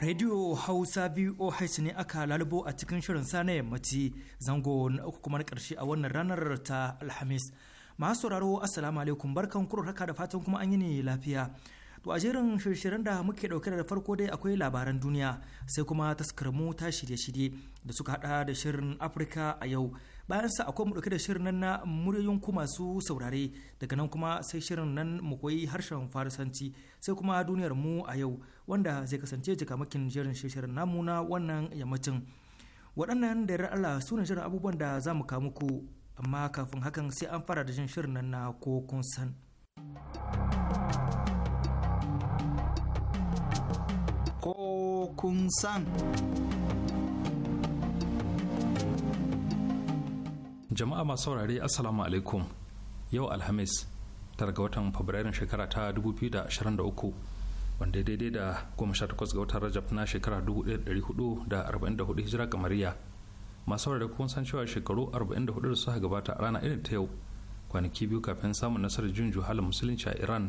Radio Hausa VOH ne aka lalubo a cikin shirin sa na yammaci zango na uku kuma na ƙarshe a wannan ranar ta Alhamis. Masu sauraro Assalamu alaikum barkan kuro haka da fatan kuma an yi ne lafiya. To a jerin shirye da muke ɗauke da farko dai akwai labaran duniya sai kuma taskarmu ta shirye-shirye da suka hada da shirin Afirka a yau bayan sa akwai mu dauke da shirin nan na muryoyin ku masu saurare daga nan kuma sai shirin nan mu koyi harshen farisanci sai kuma duniyar mu a yau wanda zai kasance jikamakin jerin shirin namu na wannan yammacin waɗannan da Allah su ne shirin abubuwan da za mu kawo muku amma kafin hakan sai an fara da jin shirin nan na ko kun san. ko kun san. jama'a masu saurare assalamu alaikum yau alhamis tara ga watan fabrairun shekara ta 2023 wanda daidai da 18 ga watan rajab na shekara 1444 hijira kamariya masu saurare kun san cewa shekaru 44 da suka gabata a rana irin ta yau kwanaki biyu kafin samun nasarar jin juhalin musulunci a iran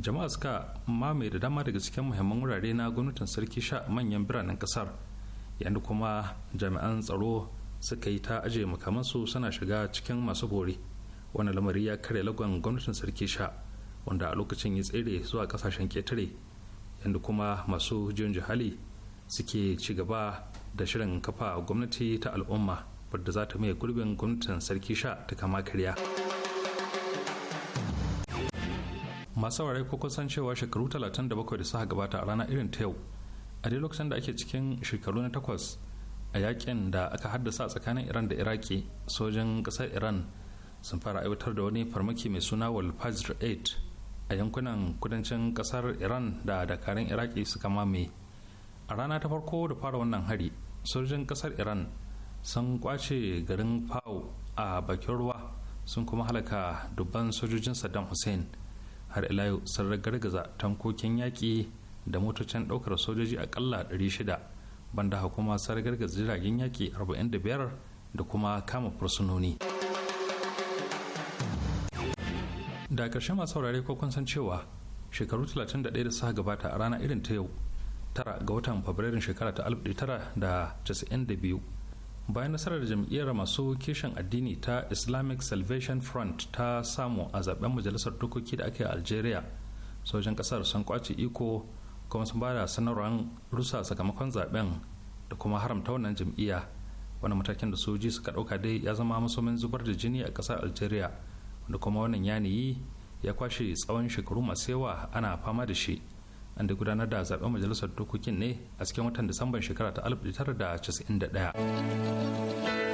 jama'a suka mamaye da dama daga cikin muhimman wurare na gwamnatin sarki sha manyan biranen kasar yadda kuma jami'an tsaro suka yi ta aje makamansu suna shiga cikin masu bori wani lamari ya kare lagon gwamnatin sarki sha wanda a lokacin ya tsere zuwa kasashen ketare yadda kuma masu jin jihali suke ci gaba da shirin kafa gwamnati ta al'umma wadda za ta mai gurbin gwamnatin sarki sha ta kama karya masu warai ko kusan cewa shekaru 37 da suka gabata a rana irin ta yau a dai lokacin da ake cikin shekaru na takwas a yakin da aka haddasa tsakanin iran da iraki sojan ƙasar iran sun fara aiwatar da wani farmaki mai suna wal fajr 8 a yankunan kudancin ƙasar iran da dakarun iraki suka mame a rana ta farko da fara wannan hari sojojin ƙasar iran sun kwace garin fau a bakin ruwa sun kuma halaka dubban sojojin saddam hussein har ila yau sun ragargaza tankokin yaƙi da motocin ɗaukar sojoji akalla 600 banda hukuma sargargar jiragen yaki 45 da kuma kama fursunoni da karshe masu saurare ko kun san cewa shekaru 31 da suka gabata a rana irin ta yau tara ga watan fabrairun shekara ta 1992 bayan nasarar jam'iyyar masu kishin addini ta islamic salvation front ta samu a zaben majalisar dokoki da ake algeria sojan kasar sun kwace iko kuma sun bada sanarwar rusa sakamakon zaben da kuma haramta wannan jam'iyya wani matakin da soji suka dauka dai ya zama musamman zubar da jini a kasar algeria wanda kuma wannan yanayi ya kwashe tsawon shekaru masu yawa ana fama da shi an da gudanar da zaben majalisar dokokin ne a cikin watan disamban shekara ta 1991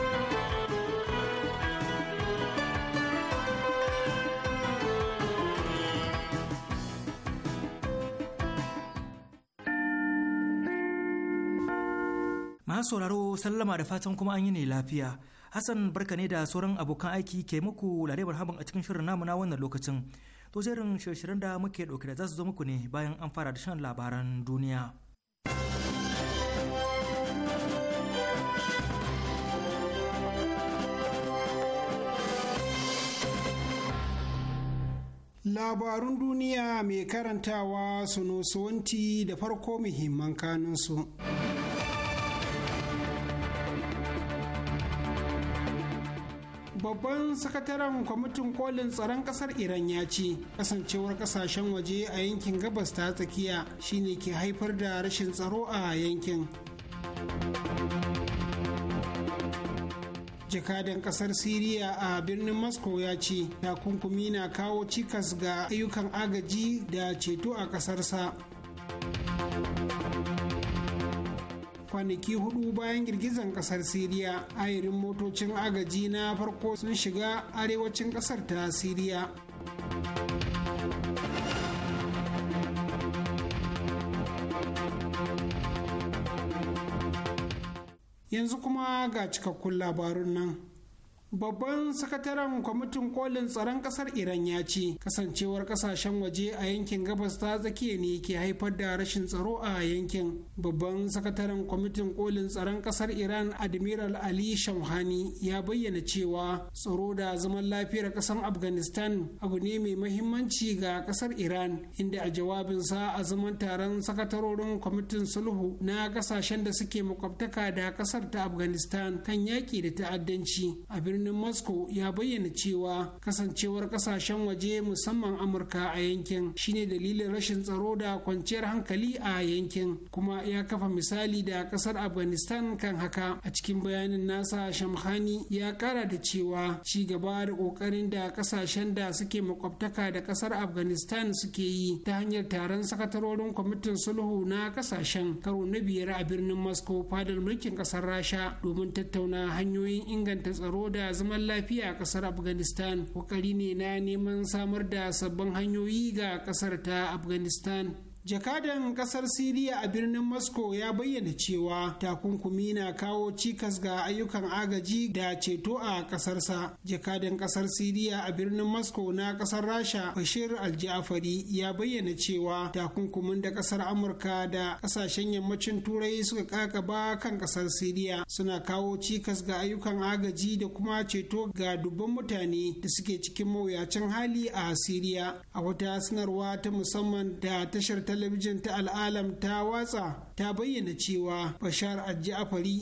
Masu sauraro sallama da fatan kuma an yi ne lafiya. Hassan barka ne da sauran abokan aiki ke muku lare haban a cikin shirin namu na wannan lokacin. To jerin shirin da muke ɗauke da za su zo muku ne bayan an fara da shan labaran duniya. Labarun duniya mai karantawa sunusuwanti da farko muhimman kanunsu. babban sakataren kwamitin kolin tsaron kasar iran ya ce kasancewar kasashen waje a yankin gabas ta tsakiya shine ke haifar da rashin tsaro a yankin jakadan kasar siriya a birnin moscow ya ce takunkumi na kawo cikas ga ayyukan agaji da ceto a kasarsa kwanaki hudu bayan girgizan kasar siriya ayirin motocin agaji na farko sun shiga arewacin kasar ta siriya yanzu kuma ga cikakkun labarun nan babban sakataren kwamitin kolin tsaron kasar iran ya ce kasancewar kasashen waje a yankin gabas ta tsakiya ne ke haifar da rashin tsaro a yankin babban sakataren kwamitin kolin tsaron kasar iran admiral ali shamhani ya bayyana cewa tsaro da zaman lafiyar kasar afghanistan abu ne mai mahimmanci ga kasar iran inda a jawabinsa a zaman taron sakatarorin kwamitin sulhu na kasashen da suke makwabtaka da kasar ta afghanistan kan yaƙi da ta'addanci a birnin birnin moscow ya bayyana cewa kasancewar kasashen waje musamman amurka a yankin shine dalilin rashin tsaro da kwanciyar hankali a yankin kuma ya kafa misali da kasar afghanistan kan haka a cikin bayanin nasa shamkhani ya kara da cewa ci gaba da kokarin da kasashen da suke makwabtaka da kasar afghanistan suke yi ta hanyar taron sakatarorin kwamitin sulhu na kasashen karo na biyar a birnin moscow fadar mulkin kasar rasha domin tattauna hanyoyin inganta tsaro da zaman lafiya a kasar afghanistan kokari ne na neman samar da sabbin hanyoyi ga kasar ta afghanistan jakadan kasar siriya a birnin moscow ya bayyana cewa takunkumi na kawo cikas ga ayyukan agaji da ceto a kasarsa jakadan kasar siriya a birnin moscow na kasar rasha bashir aljafari ya bayyana cewa takunkumin da kasar amurka da kasashen yammacin turai suka kakaba kan kasar siriya suna kawo cikas ga ayyukan agaji da kuma ceto ga dubban mutane da suke cikin mawuyacin hali a siriya a wata sanarwa ta musamman da tashar talabijin ta al'alam ta watsa ta bayyana cewa bashar al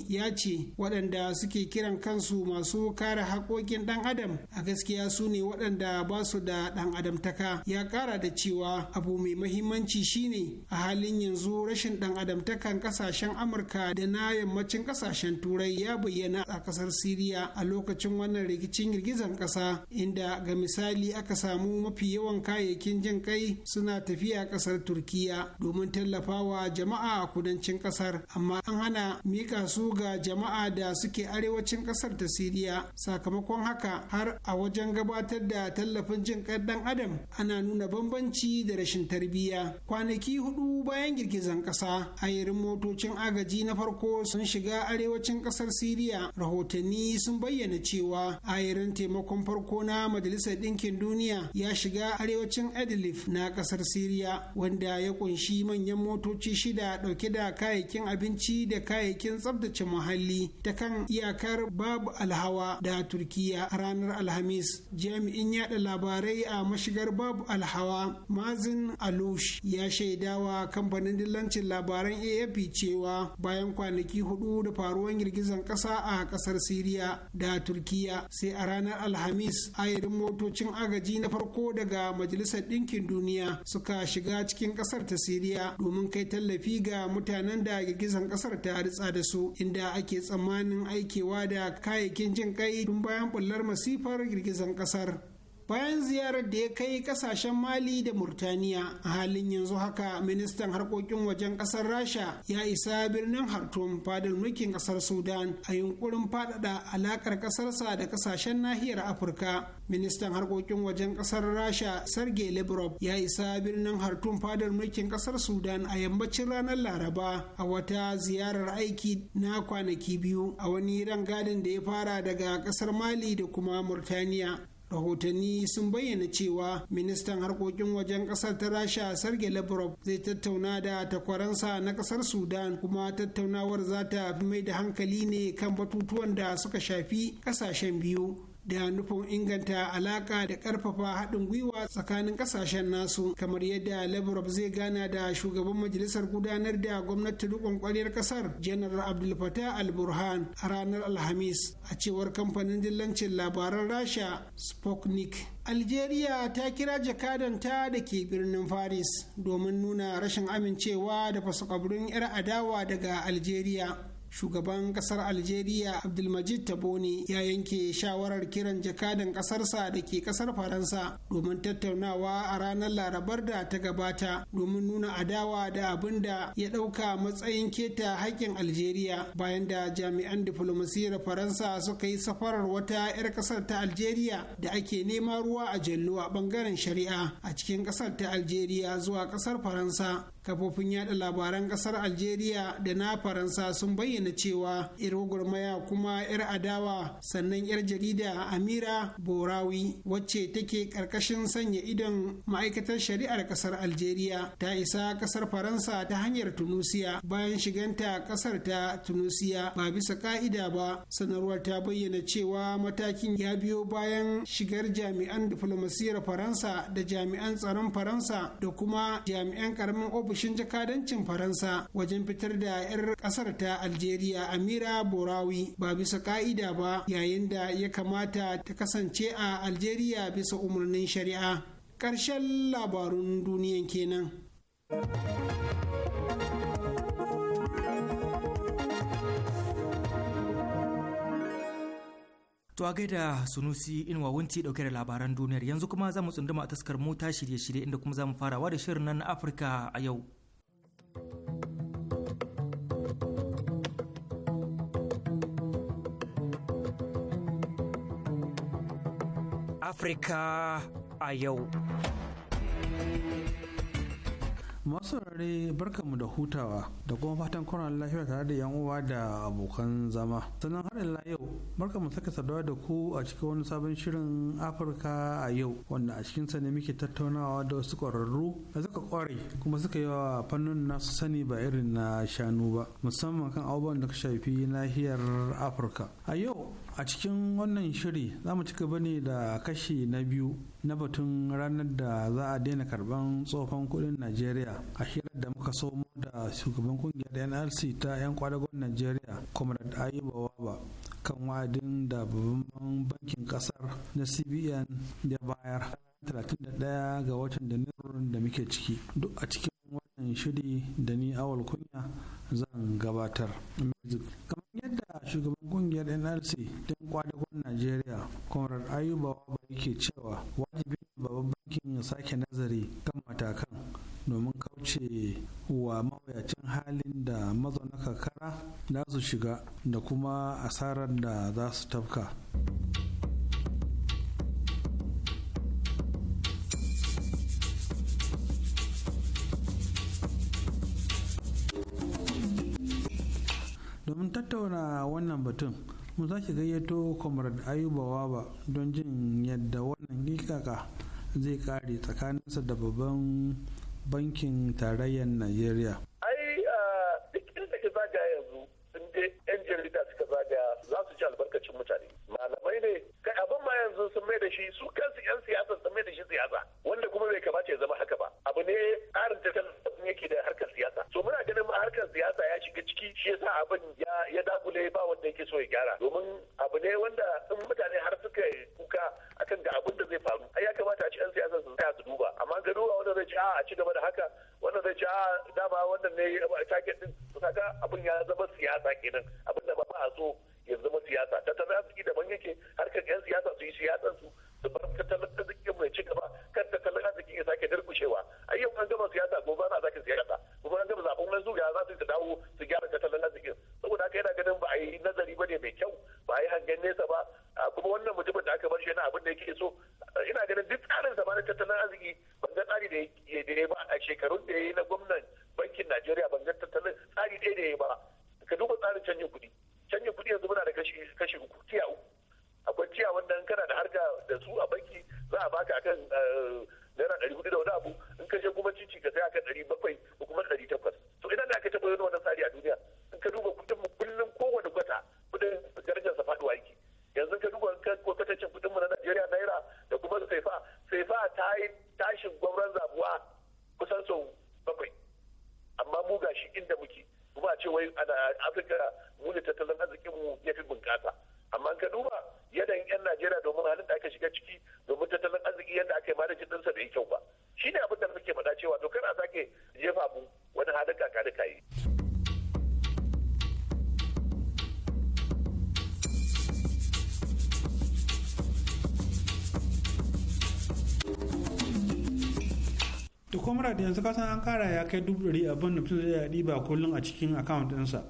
ya ce waɗanda suke kiran kansu masu kare haƙoƙin ɗan adam a gaskiya su ne waɗanda ba su da ɗan adamtaka ya ƙara da cewa abu mai mahimmanci shine a halin yanzu rashin ɗan adamtakan ƙasashen amurka da na yammacin ƙasashen turai ya bayyana a ƙasar siriya a lokacin wannan rikicin girgizan ƙasa inda ga misali aka samu mafi yawan kayayyakin jin kai suna tafiya ƙasar turkiya domin tallafawa jama'a a kudancin kasar amma an hana mika su ga jama'a da suke arewacin kasar ta siriya sakamakon haka har a wajen gabatar da tallafin jin dan adam ana nuna bambanci da rashin tarbiyya kwanaki hudu bayan girgizan kasa ayyarin motocin agaji na farko sun shiga arewacin kasar siriya rahotanni sun bayyana cewa ayyarin taimakon farko na majalisar ɗinkin duniya ya shiga arewacin edlif na kasar siriya wanda ya kunshi manyan motoci shida dauke da da kayayyakin abinci da kayayyakin tsabtace muhalli ta kan iyakar babu alhawa da turkiya a ranar alhamis jami'in yada labarai a mashigar babu alhawa mazin alush ya shaidawa kamfanin dillancin labaran afp cewa bayan kwanaki hudu da faruwan girgizan kasa a kasar siriya da turkiya sai a ranar alhamis ayarin motocin agaji na farko daga majalisar ɗinkin duniya suka shiga cikin kasar ta siriya domin kai tallafi ga mutanen da girgizan kasar ta ritsa da su inda ake tsammanin aikewa da kayayyakin jin kai tun bayan bullar masifar girgizan kasar bayan ziyarar da ya kai kasashen mali da murtaniya a halin yanzu haka ministan harkokin wajen kasar rasha ya isa birnin hartum fadar mulkin kasar sudan a yunkurin faɗaɗa alakar kasarsa da kasashen nahiyar afirka ministan harkokin wajen kasar rasha sergei lavrov ya isa birnin hartum fadar mulkin kasar sudan a yammacin ranar laraba a wata ziyarar aiki na kwanaki biyu a wani rangadin da ya fara daga kasar mali da kuma murtaniya rahotanni sun bayyana cewa ministan harkokin wajen kasar ta rasha sarge lavrov zai tattauna da takwaransa na kasar sudan kuma tattaunawar za ta mai da hankali ne kan batutuwan da suka shafi kasashen biyu da nufin inganta alaka da karfafa haɗin gwiwa tsakanin ƙasashen nasu kamar yadda lebrov zai gana da shugaban majalisar gudanar da gwamnatin rikon kwaryar ƙasar janar abdul fatah al burhan a ranar alhamis a cewar kamfanin dillancin labaran rasha Spoknik. algeria ta kira jakadanta da ke birnin Faris domin nuna rashin amincewa da fasakabrin 'yar adawa daga algeria shugaban kasar algeria abdulmajid tabone ya yanke shawarar kiran jakadan kasarsa da ke kasar faransa domin tattaunawa a ranar larabar da ta gabata domin nuna adawa da abin da ya dauka matsayin keta haƙƙin algeria bayan da jami'an diflomasiyyar faransa suka yi safarar wata 'yar kasar ta algeria da ake nema ruwa a jallo a bangaren shari'a a cikin kasar ta algeria zuwa kasar faransa kafofin yada labaran kasar algeria da na faransa sun bayyana bayyana cewa yar gwagwarmaya kuma yar adawa sannan yar jarida amira borawi wacce take karkashin sanya idon ma'aikatar shari'ar kasar algeria ta isa kasar faransa ta hanyar tunusiya bayan shiganta kasar ta tunusiya ba bisa ka'ida ba sanarwar ta bayyana cewa matakin ya biyo bayan shigar jami'an diflomasiyar faransa da jami'an tsaron faransa da kuma jami'an karamin ofishin jakadancin faransa wajen fitar da 'yar kasar ta algeria Najeriya Amira Borawi ba bisa ka'ida ba yayin da ya kamata ta kasance a Algeria bisa umarnin shari'a. Ƙarshen labarun duniyan kenan. To a gaida Sunusi Inuwa Wunti dauke da labaran duniyar yanzu kuma za mu tsunduma a taskar mota shirye-shirye inda kuma za mu farawa da shirin nan na Afirka a yau. Afirka a yau. Masu rare barkanmu da hutawa da kuma fatan kwanan lafiya tare da yan uwa da abokan zama. Sannan har ila yau barkanmu saka sadawa da ku a cikin wani sabon shirin Afirka a yau wanda a cikinsa ne muke tattaunawa da wasu ƙwararru da suka ƙware kuma suka yi wa fannin nasu sani ba irin na shanu ba musamman kan abubuwan da ka shafi nahiyar Afirka. A yau a cikin wannan shiri za mu ci gaba ne da kashi na biyu na batun ranar da za a daina karban tsohon kudin najeriya a hirar da muka somo da shugaban kungiyar NRC ta 'yan kwadagon najeriya comrade ayuba waba kan wa'adin da babban bankin kasar na cbn ya bayar 31 ga watan da da muke ciki duk a cikin wannan shiri da ni awal kunya zan gabatar kamar yadda shugaban kungiyar nrc don kwadagon najeriya conrad ayuba wabari ke cewa wajibi ne babban bankin ya sake nazari kan matakan domin kauce wa mawuyacin halin da mazauna kakara za su shiga da kuma asarar da za su tafka tattauna wannan batun mu ki gayyato comrade ayuba waba don jin yadda wannan gikaka zai kare tsakaninsa da babban bankin tarayyar najeriya ai duk inda yanzu sun je yan jarida suka zagaya za su ji albarkacin mutane malamai ne kai abin ma yanzu sun mai da shi su kansu yan siyasa sun mai da shi siyasa wanda kuma bai kamata ya zama haka ba abu ne tsarin tattalin yake da harkar siyasa so muna ganin ma harkar siyasa ya shiga ciki shi yasa abin ya ya dakule ba wanda yake so ya gyara domin abu ne wanda in mutane har suka yi kuka akan ga abin da zai faru ai ya kamata a ci yan siyasa su tsaya su duba amma gado a wanda zai ci a ci gaba da haka wanda zai ci a dama wannan ne target din kaga abin ya zama siyasa kenan abin da ba a so ya zama siyasa tattalin arziki daban yake harkar yan siyasa su yi siyasan su su bar tattalin arzikin mai ci gaba kan tattalin arziki ya sake durkushewa ai yau an gama siyasa gobe ana sake siyasa gobe an gama zaben wani zuga za su dawo su gyara tattalin arzikin saboda haka yana ganin ba a yi nazari ba ne mai kyau ba a yi hangen nesa ba kuma wannan mutumin da aka bar shi yana abin da yake so ina ganin duk tsarin sa na tattalin arziki ban ga tsari da ya ba a shekarun da ya yi na gwamnan bankin najeriya ban ga tattalin tsari ɗaya da ya ba ka duba tsarin canjin kuɗi canjin kuɗi yanzu muna da kashi kashi uku tiya uku akwai tiya wanda in kana da harka da su a banki za a baka akan eh, naira ɗari hudu da wani abu in ka je kuma cici ka sai akan ɗari bakwai ko kuma ɗari takwas to idan da aka taɓa yin wannan tsari a duniya in ka duba kuɗin kullum kowane gwata kuɗin sa faɗuwa yake yanzu ka duba ko kwatancin kuɗin mu na Najeriya naira da kuma saifa saifa ta yi tashin gwamnan zabuwa kusan sau bakwai amma mu gashi inda muke kuma a ce wai ana afirka mu tattalin arzikin mu ya fi bunƙasa amma ka duba yanayin yan najeriya domin halin da aka shiga ciki domin tattalin arziki yadda aka yi manajin ɗinsa bai kyau ba shine abin da muke faɗa cewa to a sake jefa mu wani halin kaka da kayi. to kwamra da yanzu kasan an kara ya kai dubu ɗari abin da mutum zai ɗiba kullum a cikin account ɗinsa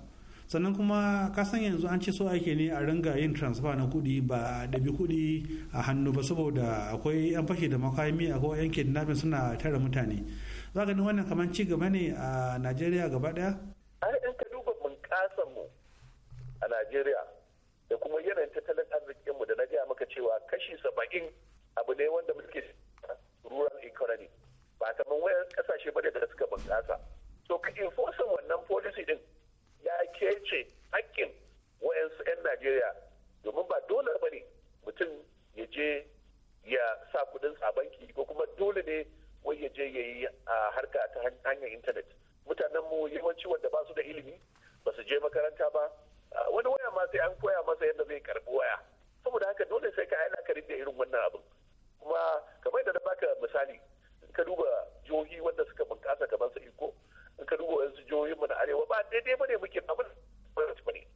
sannan kuma kasan yanzu an ce so ake ne a ringa yin transfer na kuɗi ba bi kuɗi a hannu ba saboda akwai yan fashe da makami akwai yan kidnapping suna tara mutane za ka wannan kamar ci gaba ne a najeriya gaba ɗaya. ai in ka duba mu a najeriya da kuma yanayin tattalin arzikin mu da na gaya maka cewa kashi saba'in abu ne wanda muke rural economy ba kamar wayan kasashe ba da suka bunƙasa To ka enforce wannan policy din ya kece hakkin wayansu 'yan najeriya domin ba dole ba ne mutum ya je ya sa kudin a banki ko kuma dole ne wai ya je ya yi harka ta hanyar intanet mutanen mu yawanci wanda ba su da ilimi ba su je makaranta ba wani waya ma sai an koya masa yadda zai karbi waya saboda haka dole sai ka yi la'akari da irin wannan abin kuma kamar da na baka misali ka duba jihohi wanda suka bunkasa kamar su iko in ka duba wasu jihohin mu na arewa ba daidai bane muke abin ba ne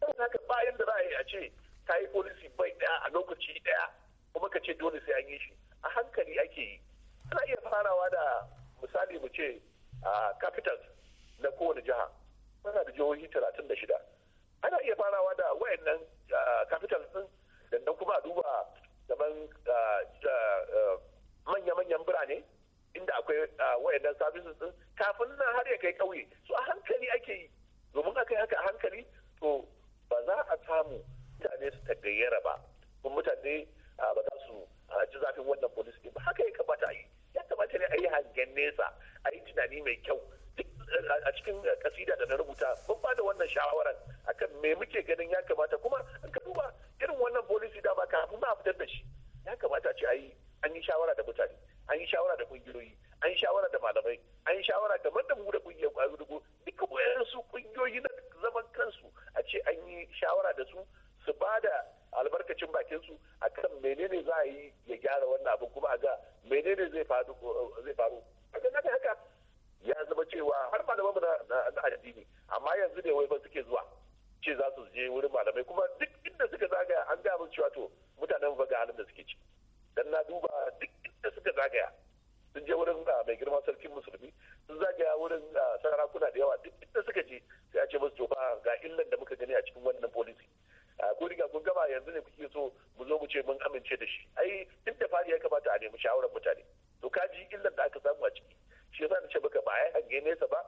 saboda haka ba yanda za a yi a ce ka yi policy bai daya a lokaci daya kuma ka ce dole sai an yi shi a hankali ake yi ana iya farawa da misali mu ce a capital na kowane jiha muna da jihohi talatin da shida ana iya farawa da wayannan capital din sannan kuma a duba zaman manya-manyan birane inda akwai ah, wayannan services din kafin nan har ya kai kauye su a hankali ake yi domin aka yi haka a hankali to ba za a samu mutane su tagayyara ba kuma mutane ah, ba za su ah, ji zafin wannan police din ba haka ya kamata yi ya kamata ne a yi hangen nesa a yi tunani mai kyau a cikin kasida da na rubuta mun ba da wannan shawarar akan me muke ganin ya kamata kuma an ka duba irin wannan policy da ba kafin ma fitar da shi ya kamata ce a yi an yi shawara da mutane an yi shawara da kungiyoyi an yi shawara da malamai an yi shawara da da da kungiyar kwayo dubu duka su kungiyoyi na zaman kansu a ce an yi shawara da su su ba da albarkacin bakin su akan menene za a yi ya gyara wannan abin kuma a ga menene zai faru zai faru haka haka ya zama cewa har malaman na addini amma yanzu ne wai ba suke zuwa ce za su je wurin malamai kuma duk inda suka zagaya an gaya musu cewa to mutanen ba ga halin da suke ci dan na duba duk da suka zagaya sun je wurin ah, mai girma sarkin musulmi sun zagaya wurin ah, sarakuna da yawa duk da suka je sai a ce musu ba ga illan da muka gani a cikin wannan policy ah, ko riga kun gama yanzu ne kuke so mu zo mu ce mun amince da shi ai duk da fari ya kamata a nemi shawarar mutane to ka ji illar da aka samu a ciki shi yasa na ce baka ba ai hange nesa ba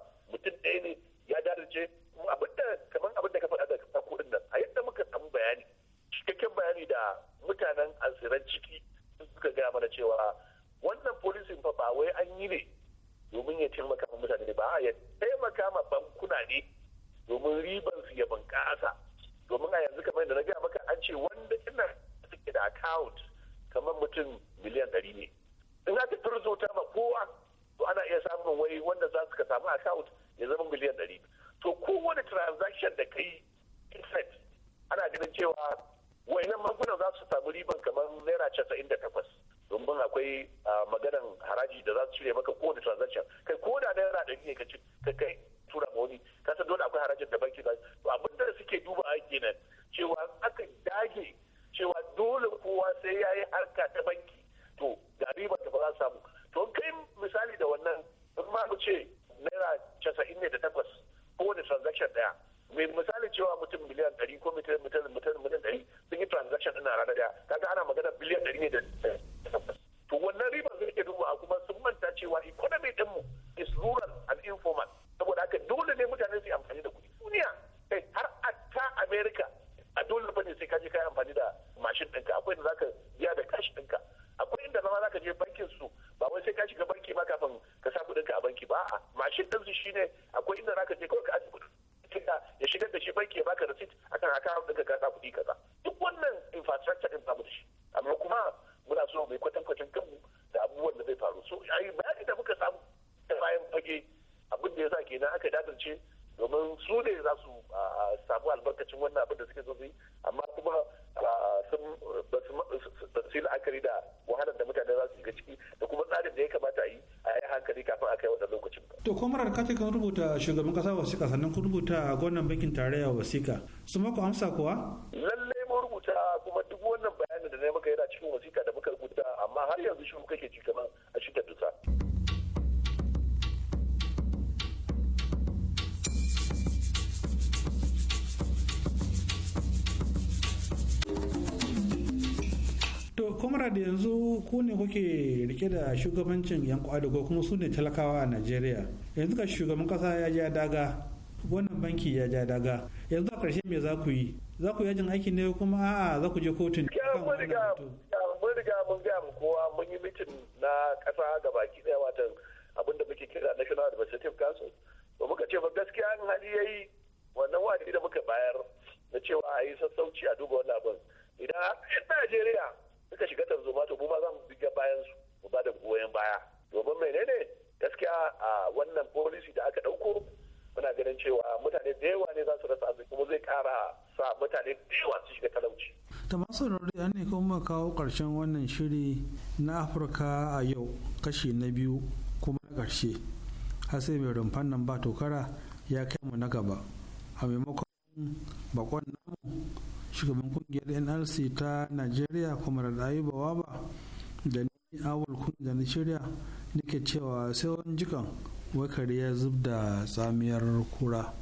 sai la'akari da wahalar da mutane za su shiga ciki da kuma tsarin da ya kamata a yi a yi hankali kafin a kai wannan lokacin. to kwamarar kati kan rubuta shugaban kasa wasiƙa sannan ku rubuta a gwamnan bankin tarayya wasiƙa su maku amsa kuwa. lallai mun rubuta kuma duk wannan bayanin da na yi maka yana cikin wasiƙa da muka rubuta amma har yanzu shi kake ke ci kamar comrade yanzu ku ne kuke rike da shugabancin yan kwadago kuma su ne talakawa a nigeria yanzu ka shugaban kasa ya ja daga wannan banki ya ja daga yanzu a ƙarshe me za ku yi za ku yajin aiki ne kuma a za ku je kotun mun riga mun gaya mu kowa mun yi mitin na kasa ga baki ɗaya watan abin da muke kira national administrative council to muka ce ba gaskiya an hali yayi wannan wa'adi da muka bayar na cewa a yi sassauci a duba wannan abin idan har najeriya suka shiga tarzoma to mu ma za mu biga bayan su mu ba da goyon baya domin menene gaskiya a wannan policy da aka ɗauko muna ganin cewa mutane da yawa ne za su rasa arziki kuma zai kara sa mutane da yawa su shiga talauci. ta masu an ne kuma kawo karshen wannan shiri na afirka a yau kashi na biyu kuma na karshe har sai mai rumfan nan ba tokara ya kai mu na gaba a maimakon bakon namu shugaban kungiyar nlc ta nigeria kuma da ayuba waba da ni awal da nigeria shirya nake cewa sai wani jikan wakari ya zub da tsamiyar kura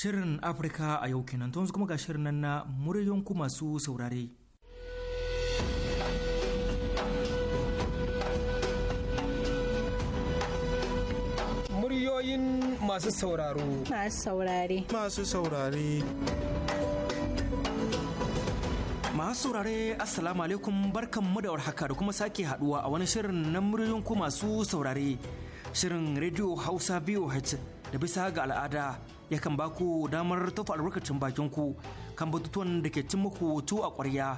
Shirin Afirka a yau kenan to kuma ga shirin nan na muryoyin ku masu saurare. Muryoyin masu sauraro. Masu saurare. Masu saurare. masu saurare assalamu alaikum barkanmu da warhaka da kuma sake haduwa a wani shirin na muryoyin ku masu saurare shirin radio hausa voh da bisa ga al'ada yakan ba ku damar tafa albarkacin bakin ku kan batutuwan da ke cin muku tu a ƙwarya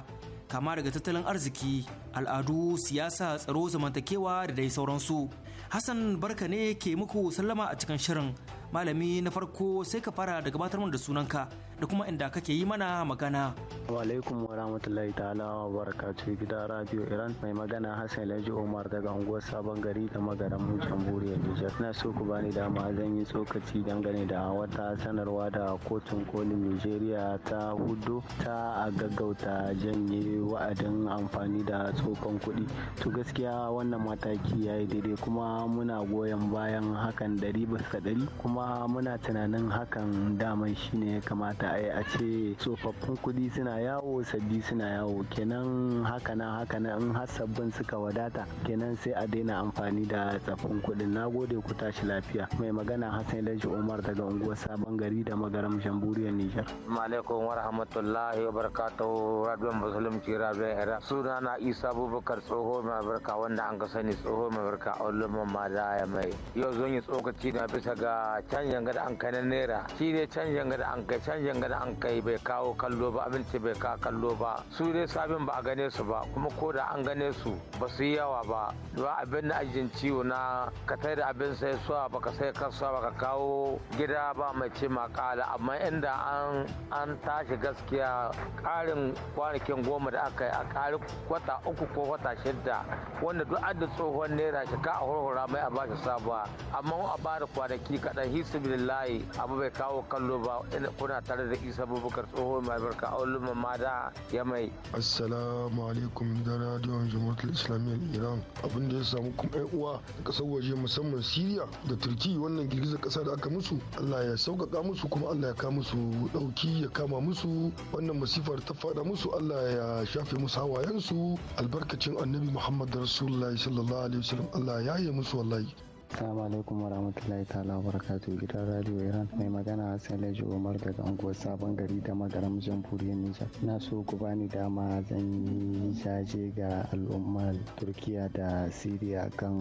kama daga tattalin arziki al'adu siyasa tsaro zamantakewa da dai sauransu hassan barka ne ke muku sallama a cikin shirin malami na farko sai ka fara da gabatar mana da sunanka da kuma inda kake yi mana magana. alaikum wa rahmatullahi ta'ala wa barakatu gida radio iran mai magana hassan laji umar daga unguwar sabon gari da magaran jamhuriyar nijar na so ku bani dama zan yi tsokaci dangane da wata sanarwa da kotun kolin nigeria ta hudu ta gaggauta janye wa'adin amfani da tsofan kuɗi to gaskiya wannan mataki ya yi daidai kuma muna goyon bayan hakan ɗari bisa ɗari kuma kuma muna tunanin hakan daman shine ya kamata a yi a ce tsofaffin kuɗi suna yawo sabbi suna yawo kenan hakanan hakanan in har sabbin suka wadata kenan sai a daina amfani da tsaffin kuɗin na gode ku tashi lafiya mai magana hassan laji umar daga unguwar sabon gari da magaram jamhuriyar nijar alaikum wa rahmatullahi wa barakatuhu rabin musulun kira rabin ira suna na isa abubakar tsoho mai barka wanda an ka sani tsoho mai barka a ulumman mai yau zan yi tsokaci na bisa ga canjin gada an kai na naira shi ne canjin gada an kai canjin gada an kai bai kawo kallo ba abinci bai kawo kallo ba su dai sabin ba a gane su ba kuma ko da an gane su ba su yi yawa ba ba abin na ajin ciwo na ka sai da abin sai suwa ba ka sai suwa ba ka kawo gida ba mai ce kala amma inda an an tashi gaskiya karin kwanakin goma da aka yi a karin kwata uku ko wata shida wanda duk adda tsohon naira shi ka a hurhura mai a shi sabuwa amma a bada kwanaki kaɗan fi sabilillahi abu bai kawo kallo ba kuna tare da isa bubukar tsoho mai barka aulu mamada ya mai assalamu alaikum da radiyon jamhuriyar islamiyyar iran abin da ya samu kuma yan uwa da kasar waje musamman siriya da turki wannan girgizar kasa da aka musu allah ya sauƙaƙa musu kuma allah ya kama musu ɗauki ya kama musu wannan masifar ta faɗa musu allah ya shafe musu hawayensu albarkacin annabi muhammad rasulullahi sallallahu alaihi wasallam allah ya yi musu wallahi Assalamu alaikum wa rahmatullahi ta'ala wa gidan Radio Iran mai magana Hassan Laji Umar daga unguwar Sabon Gari da Magaram Jamhuriyar Nijar. Na so ku bani dama zan yi jaje ga al'ummar Turkiya da Siriya kan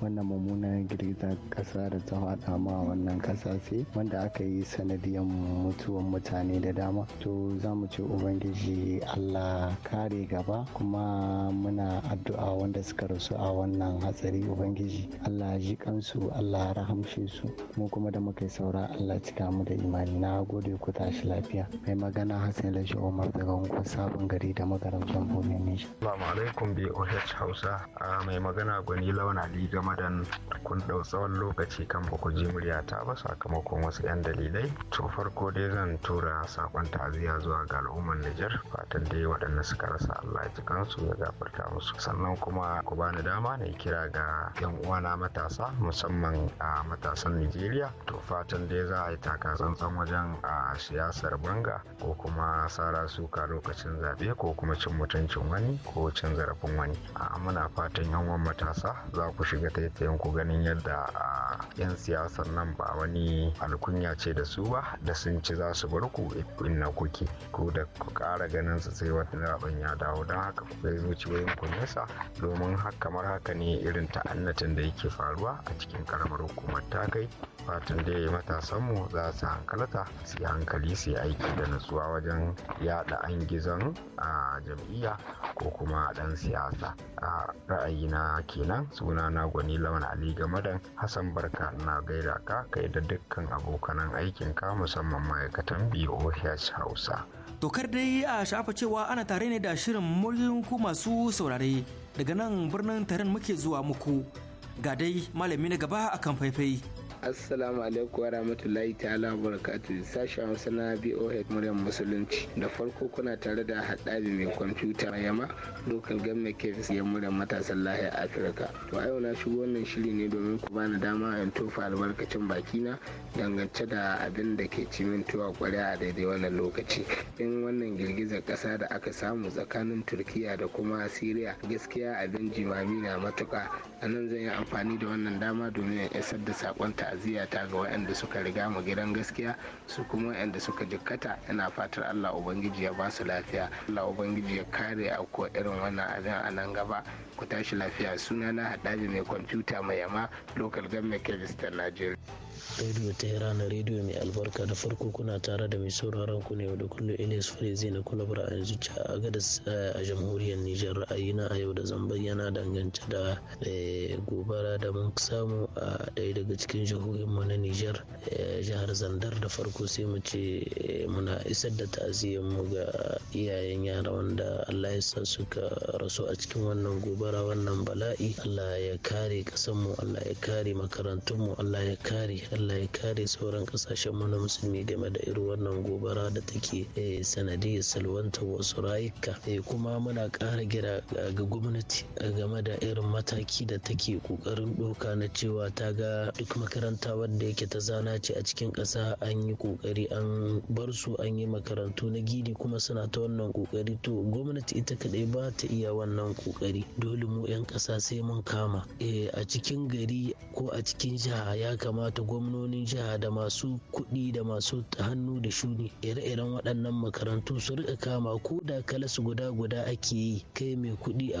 wannan mummunan girgizar kasa da ta haɗa ma wannan kasashe wanda aka yi sanadiyar mutuwan mutane da dama. To za mu ce Ubangiji Allah kare gaba kuma muna addu'a wanda suka rasu a wannan hatsari Ubangiji Allah ji kansu Allah ya rahamshe su mu kuma da muka yi saura Allah cika mu da imani na gode ku tashi lafiya mai magana Hassan Lashi Omar daga unguwar sabon gari da magaran Jamhuriyar Nijar. Assalamu alaikum oh- Hausa a mai magana Gwani Lawan Ali game da kun dau tsawon lokaci kan ba ku ji muryata ba sakamakon wasu 'yan dalilai. To farko dai zan tura sakon ta'aziyya zuwa ga al'ummar Nijar fatan dai waɗanda suka rasa Allah ya ji kansu ya gafarta musu sannan kuma ku bani dama na kira ga 'yan uwana matasa musamman a matasan Nijeriya to fatan dai za a yi taka tsantsan wajen a siyasar banga ko kuma sara suka lokacin zaɓe ko kuma cin mutuncin wani ko cin zarafin wani a muna fatan yawan matasa za ku shiga taitayen ku ganin yadda a yan siyasar nan ba wani alkunya ce da su ba da sun ci za su bar ku inna kuke ko da ku ƙara ganin su sai wata zaɓen ya dawo don haka ku kai zuciyoyin ku nesa domin kamar haka ne irin ta'annatin da yake faruwa a cikin karamar hukumar ta kai fatan da ya matasanmu za su hankalata su yi hankali su yi aiki da nutsuwa wajen yada an gizon a jam'iyya ko kuma a ɗan siyasa a ra'ayina kenan suna na gwani lawan ali gamadan hassan barka na gaira ka kai da dukkan abokanan ka musamman ma'aikatan boh hausa Dokar dai a shafa cewa ana tare ne da shirin muryin ku masu saurare daga nan birnin taron muke zuwa muku ga dai malami na gaba akan faifai. assalamu alaikum wa rahmatullahi ta'ala wa barakatuh sashen hausa na boh muryar musulunci da farko kuna tare da haɗari mai kwamfuta yama local government kefis ya muryar matasan a afirka to a yau na shigo wannan shiri ne domin ku bani dama in tofa albarkacin bakina dangance da abin da ke min tuwa ƙwarya a daidai wannan lokaci in wannan girgizar ƙasa da aka samu tsakanin turkiya da kuma siriya gaskiya abin jimami na matuƙa a nan zan yi amfani da wannan dama domin in isar da saƙon ta ta ga waɗanda suka riga mu gidan gaskiya su kuma waɗanda suka jikkata ina fatar Allah ubangiji ya ba su lafiya Allah ubangiji ya kare a ko irin wannan abin a nan gaba ku tashi lafiya suna na haɗari mai kwamfuta mai yama local government kebis nigeria. Najeriya. Radio Tehran Radio mai albarka da farko kuna tare da mai sauraron ku ne da kullum Ilyas Frezi na kulabar a yanzu a gadas eh, a jamhuriyar Nijar ra'ayina a yau da zan bayyana dangance da eh, gobara da mun samu a ɗaya daga cikin jihohin mu na Nijar eh, jihar Zandar da farko sai mu ce muna isar da ta'aziyyar mu ga iyayen yara wanda Allah ya sa suka rasu a cikin wannan gobara wannan bala'i Allah ya kare kasanmu Allah ya kare makarantunmu Allah ya kare Allah ya kare sauran kasashen mu na musulmi game da irin wannan gobara da take eh, sanadiyar salwanta wasu rayuka eh, kuma muna ƙara gira ga gwamnati game da irin mataki da take ƙoƙarin ɗauka na cewa ta ga duk makaranta wadda yake ta zana ce a cikin ƙasa an yi ƙoƙari an bar su an yi makarantu na gini kuma suna ta wannan ƙoƙari to gwamnati ita kaɗai ba ta iya wannan ƙoƙari dole mu 'yan ƙasa sai mun kama eh, a cikin gari ko a cikin jiha ya kamata gwamnati gwamnonin jiha da masu kuɗi da masu hannu da shuni ire-iren waɗannan makarantu su rika kama ko da kalas guda guda ake yi kai mai kuɗi a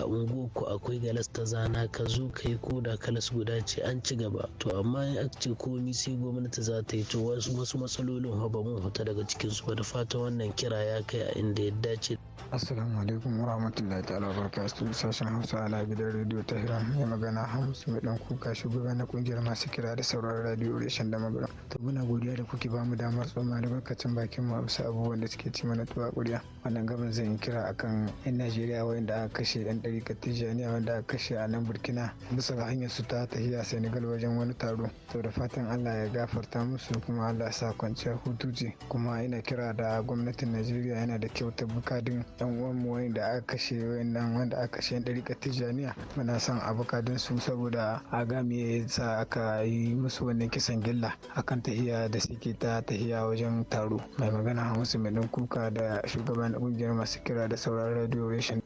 ko akwai galas ta zana ka zo ka yi ko da kalas guda ce an ci gaba to amma in aka ce komi sai gwamnati za ta yi to wasu matsalolin ba mun fita daga cikinsu ba da fata wannan kira ya kai a inda ya dace Assalamu alaikum wa rahmatullahi ta'ala wa barakatuhu sashen Hausa ala gidan rediyo ta Hira mai magana Hamus mai dan kuka shugaba na kungiyar masu kira da sauraron radio reshen da magana. To muna godiya da kuke bamu damar tsoma albarkacin bakin mu bisa abubuwan da suke ci mana tuwa kuriya. Wannan gaban zan yi kira akan yan Najeriya wanda aka kashe dan dari Tijjaniya wanda aka kashe a nan Burkina bisa ga hanyar su ta tafiya Senegal wajen wani taro. To da fatan Allah ya gafarta musu kuma Allah ya sa kwanciyar hutu ce kuma ina kira da gwamnatin Najeriya yana da kyau ta bukadin yan uwanmu da aka kashe wayannan wanda aka kashe ɗariƙar tijjaniya muna son abuka don su saboda a me sa aka yi musu wannan kisan gilla akan tahiya da suke ta tahiya wajen taro mai magana hamisu mai ɗan kuka da shugaban ƙungiyar masu kira da sauran radio reshen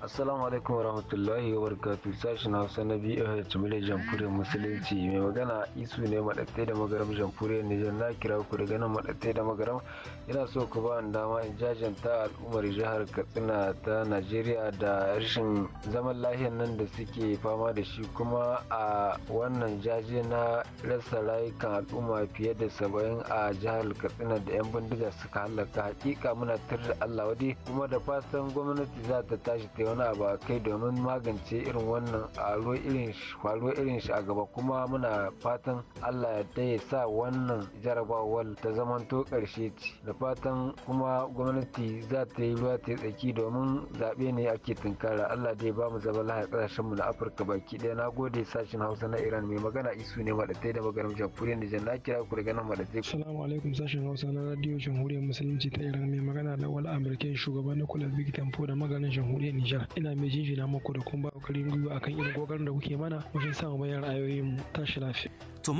Assalamu alaikum warahmatullahi wabarakatuh sashen Hausa na a Jamhuriyar Jamhuriyar Musulunci mai magana isu ne madatte da magaram Jamhuriyar Nijar na kira ku daga nan madatte da magaram yana so ku ba ni dama in jajanta al'ummar jihar katsina ta najeriya da rashin zaman lahiyar nan da suke fama da shi kuma a wannan jaje na rasa rayukan al'umma fiye da saba'in a jihar katsina da 'yan bindiga suka halaka hakika muna tarda da allah wadi kuma da fatan gwamnati za ta tashi ta wani abu a kai domin magance irin wannan aro irin kwaro irin shi a gaba kuma muna fatan allah ya sa wannan jarabawar ta zamanto karshe ce da fatan kuma gwamnati za ta yi ruwa ta tsaki domin zaɓe ne ake tunkara allah dai ba mu zama lahar ƙasashenmu na afirka baki ɗaya na gode sashen hausa na iran mai magana isu ne maɗatai da magaram jamhuriyar nijar na kira ku daga nan maɗatai. salamu alaikum sashen hausa na radiyo jamhuriyar musulunci ta iran mai magana da wani amurken shugaba na kula big tempo da maganin jamhuriyar nijar ina mai jinjina muku da kuma ba ƙarin gwiwa akan irin ƙoƙarin da kuke mana wajen samun bayan ra'ayoyin tashi lafiya. to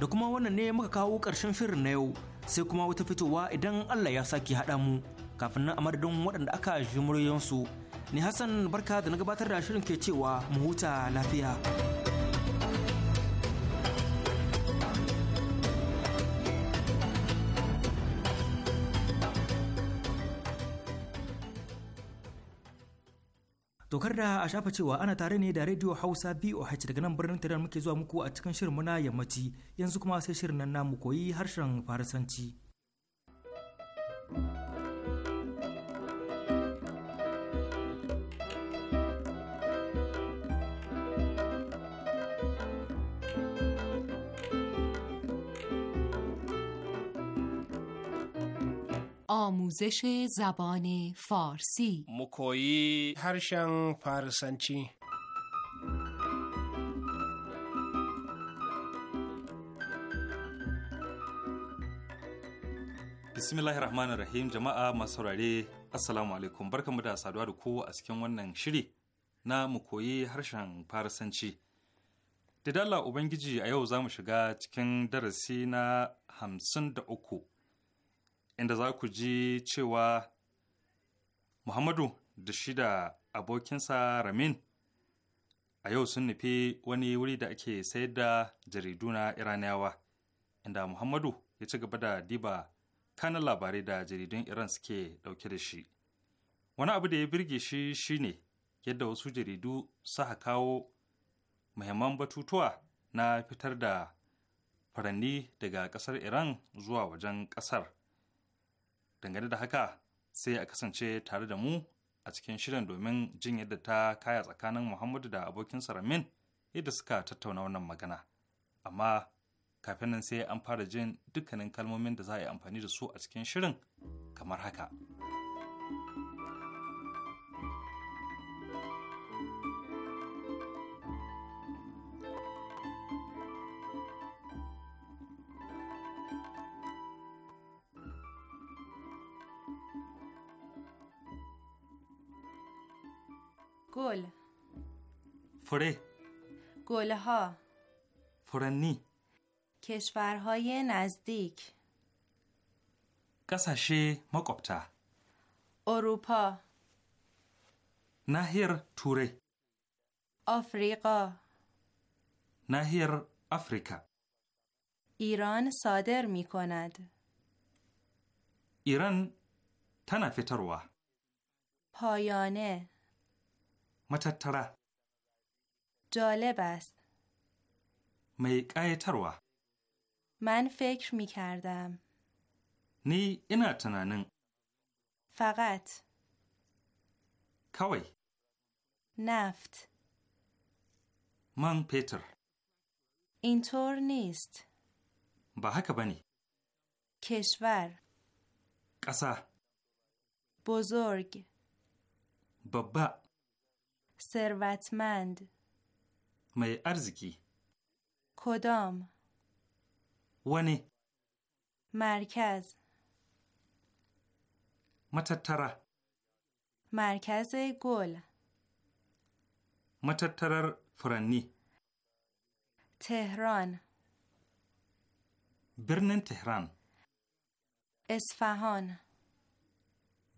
da kuma wannan ne muka kawo ƙarshen shirin na yau sai kuma wata fitowa idan Allah ya sake haɗa mu kafin nan a madadin waɗanda aka ji muryoyinsu. Ni Hassan barka da na gabatar da shirin ke cewa mu huta lafiya. To da a shafa cewa ana tare ne da Radio Hausa boh daga nan birnin Tehran muke zuwa muku a cikin shirin muna yammaci yanzu kuma sai shirin nan namu koyi harshen Farisanci. آموزش زبان فارسی مکویی هرشن فارسنچی bismillahir rahmanir rahim jama'a masaurare saurare assalamu alaikum barkamu da saduwa da ku a cikin wannan shiri na mu koyi harshen farasanci da dala ubangiji a yau za mu shiga cikin darasi na hamsin da uku inda za ku ji cewa Muhammadu da shi da abokinsa Ramin a yau sun nufi wani wuri da ake sayar da jaridu na Iraniyawa, inda Muhammadu ya ci gaba da diba kana labarai da jaridun Iran suke ɗauke da shi. Wani abu da ya birge shi shine yadda wasu jaridu suka kawo muhimman batutuwa na fitar da faranni daga ƙasar Iran zuwa wajen ƙasar. dangane da haka sai a kasance tare da mu a cikin shirin domin jin yadda ta kaya tsakanin muhammadu da abokin ramin yadda suka tattauna wannan magana amma kafin nan sai an fara jin dukkanin kalmomin da za a yi amfani da su a cikin shirin kamar haka. گل فره گلها فرنی کشورهای نزدیک قسشه مقبتا اروپا نهر توره آفریقا نهر آفریقا ایران صادر می کند ایران تنفتروه پایانه متتره جالب است می قایتروا من فکر می کردم نی اینا تنانن فقط کوی نفت من پیتر اینطور نیست با هک بانی. کشور قصه بزرگ بابا ثروتمند می ارزکی کدام ونه مرکز متتره مرکز گل متترر فرنی تهران برنن تهران اصفهان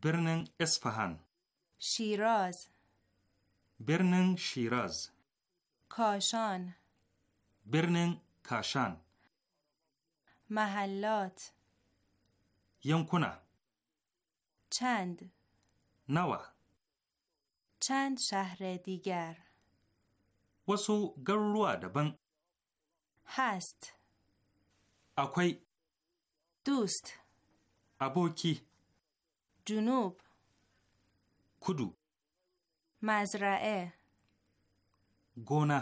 برنن اصفهان شیراز birnin Shiraz. Kashan. Birnin Kashan. Mahallat. Yankuna. Chand. Nawa. Chand shahre digar. Wasu garuruwa daban. Hast. Akwai. Dust. Aboki. Junub. Kudu. مزرعه گونا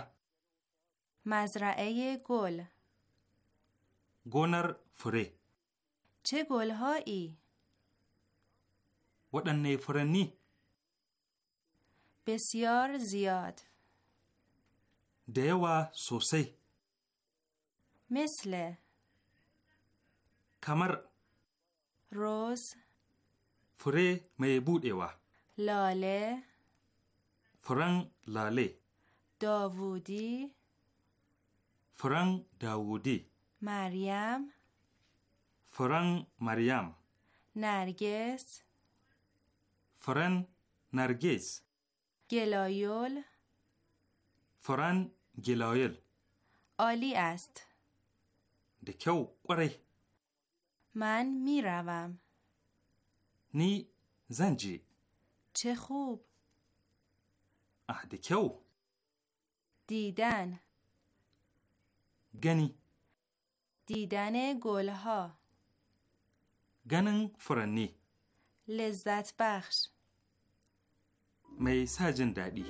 مزرعه گل گونر فره چه گل هایی؟ ودنه فرنی بسیار زیاد دیوه سوسی مثل کمر روز فره میبود buɗewa لاله فرنگ لاله داوودی فرنگ داوودی مریم فرنگ مریم نرگس فرن نرگس گلایول فرن گلایل عالی است دکو قره من میروم نی زنجی چه خوب عهد کو دیدن گنی دیدن گلها گنن فرنی لذت بخش می سجن دادی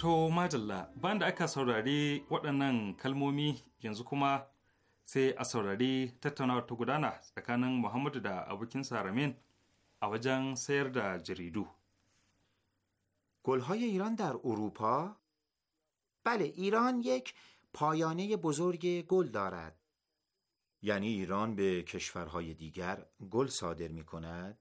To madalla banda aka saurari waɗannan kalmomi yanzu kuma sai a saurari tattaunawar ta gudana tsakanin Muhammadu da abokin Ramin a wajen sayar da jaridu. گلهای ایران در اروپا؟ بله ایران یک پایانه بزرگ گل دارد یعنی ایران به کشورهای دیگر گل صادر می کند؟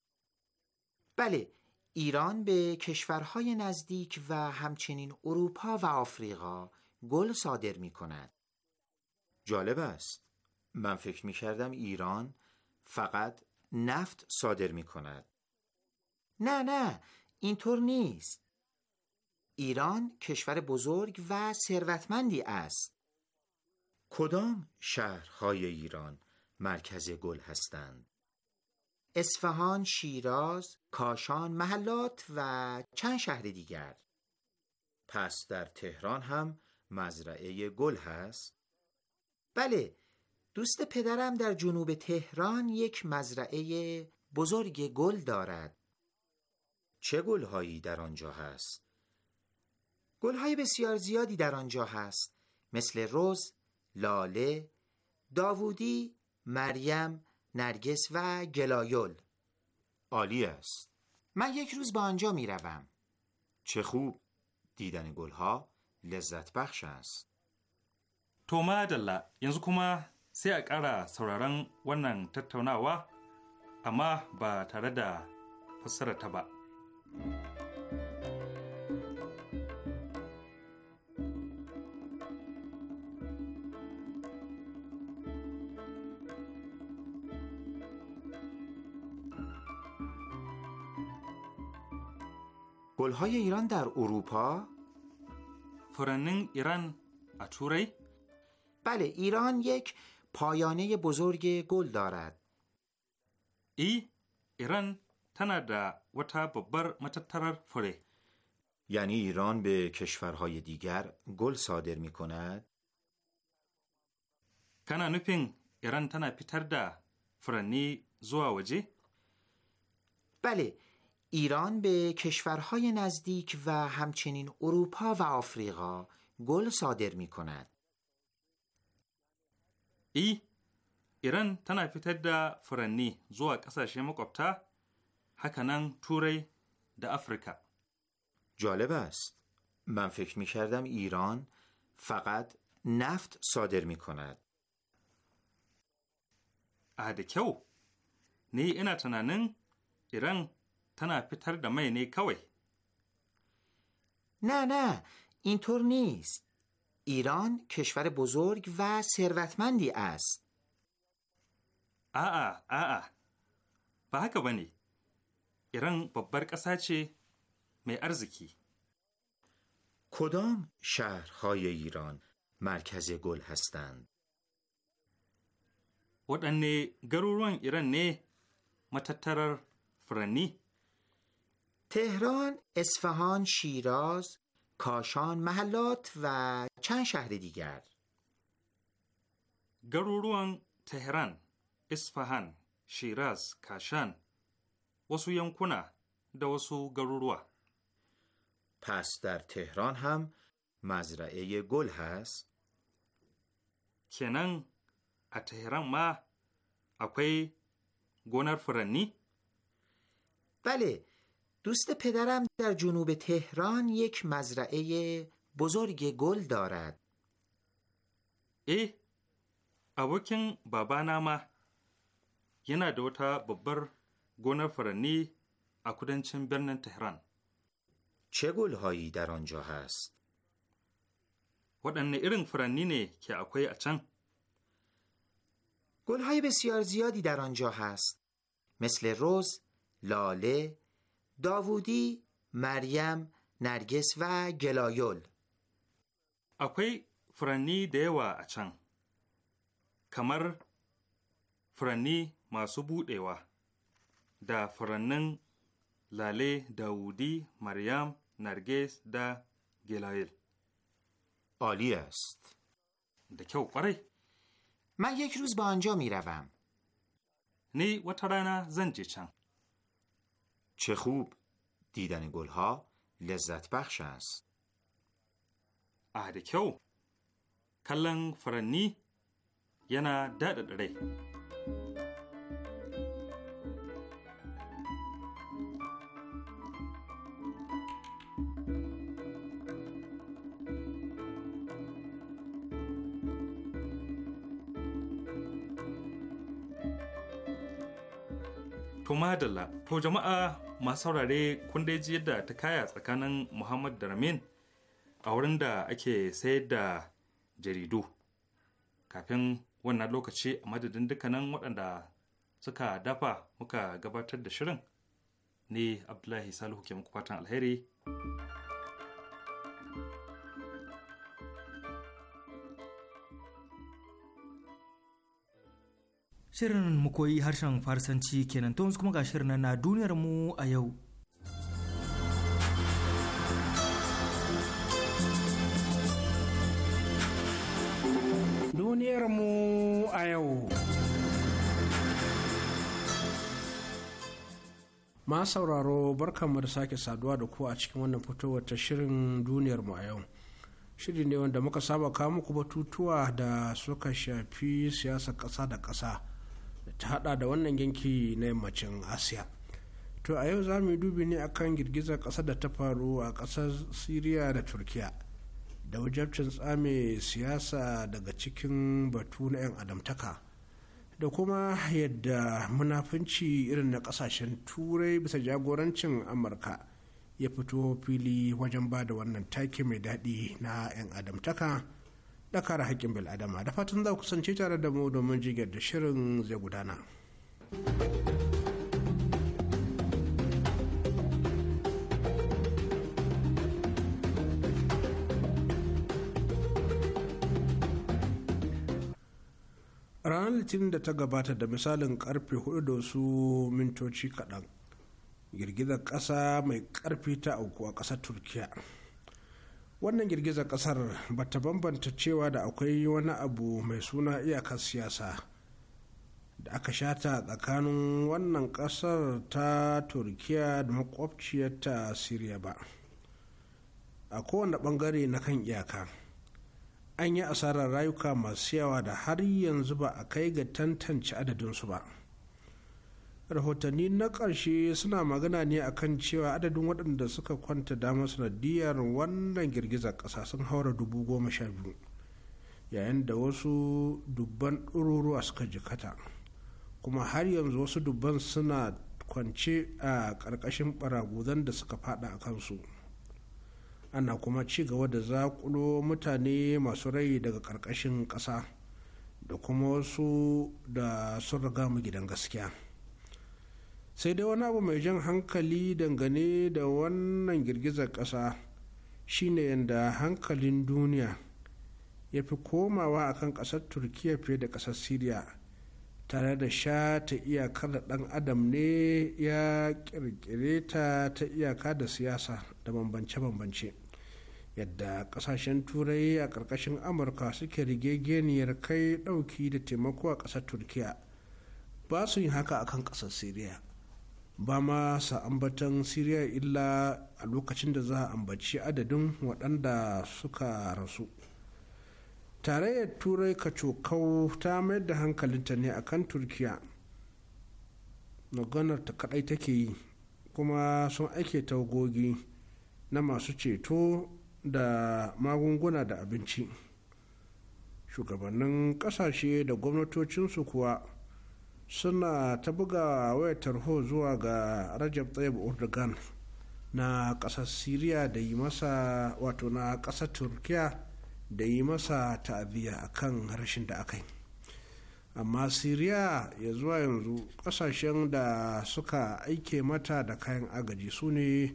بله ایران به کشورهای نزدیک و همچنین اروپا و آفریقا گل صادر می کند. جالب است. من فکر می کردم ایران فقط نفت صادر می کند. نه نه اینطور نیست. ایران کشور بزرگ و ثروتمندی است. کدام شهرهای ایران مرکز گل هستند؟ اصفهان، شیراز، کاشان، محلات و چند شهر دیگر پس در تهران هم مزرعه گل هست؟ بله دوست پدرم در جنوب تهران یک مزرعه بزرگ گل دارد چه گلهایی در آنجا هست؟ های بسیار زیادی در آنجا هست مثل رز، لاله، داوودی، مریم نرگس و گلایول عالی است من یک روز به آنجا می روم چه خوب دیدن گلها لذت بخش است تو دلا ینزو کما سی اکارا سرارن ونن و اما با تردا پسر ba. گلهای ایران در اروپا؟ فرنگ ایران اچوری؟ بله ایران یک پایانه بزرگ گل دارد ای ایران تنا دا وتا ببر متترر فره یعنی ایران به کشورهای دیگر گل صادر می کند؟ کنا نپنگ ایران تنا پیتر دا فرنی زوا بله ایران به کشورهای نزدیک و همچنین اروپا و آفریقا گل صادر می کند. ای ایران تنها فتد فرنی زوا قساشه مقبتا هکنن توری دا آفریقا جالب است من فکر می کردم ایران فقط نفت صادر می کند نی اینا تنانن ایران تنها دمای نیکاوی نه نه اینطور نیست ایران کشور بزرگ و ثروتمندی است آ آ با حکا بانی ایران ببر قصا چه می کدام شهرهای ایران مرکز گل هستند؟ ودنه گروروان ایران نه متترر فرنی؟ تهران، اصفهان، شیراز، کاشان، محلات و چند شهر دیگر گروروان تهران، اصفهان، شیراز، کاشان وسو ینکونا دو وسو گروروه پس در تهران هم مزرعه گل هست؟ کنن ا تهران ما اکوی گونر فرنی؟ بله دوست پدرم در جنوب تهران یک مزرعه بزرگ گل دارد. ای اوکن بابا ناما ینا دوتا ببر گونه فرنی اکودنچن برنن تهران. چه گل هایی در آنجا هست؟ ودن ایرن فرنی نه که اکوی اچن؟ گل های بسیار زیادی در آنجا هست. مثل روز، لاله، داوودی، مریم، نرگس و گلایول. اکوی فرانی دیو اچان. کمر فرنی ماسوبو بو دیو. دا فرانن لاله داوودی، مریم، نرگس دا گلایل. عالی است. دکیو قره. من یک روز با آنجا می روم. نی و ترانا زنجی چند. چه خوب دیدن گلها لذت بخش است اهدکو کلنگ فرنی ینا دردره تو مادلا تو masu saurare kun dai ji yadda ta kaya tsakanin muhammad da ramin a wurin da ake sayar da jaridu kafin wannan lokaci a madadin dukkanin waɗanda suka dafa muka gabatar da shirin ne abdullahi salihu ke muku fatan alheri Shirin mu koyi harshen Farsanci kenan to kuma ga shirin na duniyar mu a yau. Duniyar mu a yau. Ma sauraro barkanmu da sake saduwa da ku a cikin wannan fitowar ta shirin duniyar mu a yau. Shiri ne wanda muka saba kawo muku batutuwa da suka shafi siyasar ƙasa da ƙasa. ta hada da wannan yanki na yammacin asiya to a yau za mu dubi ne akan girgizar ƙasa da ta faru a ƙasar siriya da turkiya da wajabcin tsame siyasa daga cikin batu na 'yan adamtaka da kuma yadda munafunci irin na kasashen turai bisa jagorancin amurka ya fito fili wajen ba da wannan take mai daɗi na 'yan adamtaka da kare haƙƙin bil'adama da fatan za ku kusance tare da mu domin jigar da shirin zai gudana. ranar litinin da ta gabata da misalin karfe 4 da wasu mintoci kaɗan girgizar ƙasa mai ƙarfi ta auku a ƙasar turkiya wannan girgizar kasar ba ta bambanta cewa da akwai wani abu mai suna iyakar siyasa da aka shata tsakanin wannan kasar ta turkiya da makwabciyarta siriya ba a kowane bangare na kan iyaka an yi asarar rayuka masu yawa da har yanzu ba a kai ga tantance adadinsu ba rahotanni na ƙarshe suna magana ne a kan cewa adadin waɗanda suka kwanta dama sanadiyar wannan girgizar ƙasa sun haura dubu goma sha biyu yayin da wasu dubban ɗururuwa suka jikata kuma har yanzu wasu dubban suna kwance a ƙarƙashin ɓaraguzan da suka faɗa a kansu ana kuma ci gaba da zaƙulo mutane masu rai daga ƙarƙashin ƙasa da kuma wasu da sun riga mu gidan gaskiya. sai dai wani abu mai jan hankali dangane da wannan girgizar ƙasa shine yadda hankalin duniya ya fi komawa akan ƙasar turkiya fiye da ƙasar syria tare da sha ta iyakar da ɗan adam ne ya ƙirƙire ta ta iyaka da siyasa da bambance-bambance yadda ƙasashen turai a ƙarƙashin amurka suke rigegeniyar kai ɗauki da taimako a ƙasar turkiya ba su yin haka akan ƙasar syria ba ma sa ambatan siriya illa a lokacin da za a ambaci adadin waɗanda suka rasu tarayyar turai kacokau ta mayar da hankalinta ne akan turkiya maganar ta kadai take yi kuma sun ake taugogi na masu ceto da magunguna da abinci shugabannin ƙasashe da gwamnatocinsu kuwa suna ta buga wayar tarho zuwa ga rajab tsayib urdugan na ƙasar siriya da yi masa wato na ƙasar turkiya da yi masa ta'aziyya a kan rashin da aka yi amma siriya ya zuwa yanzu ƙasashen da suka aike mata da kayan agaji su ne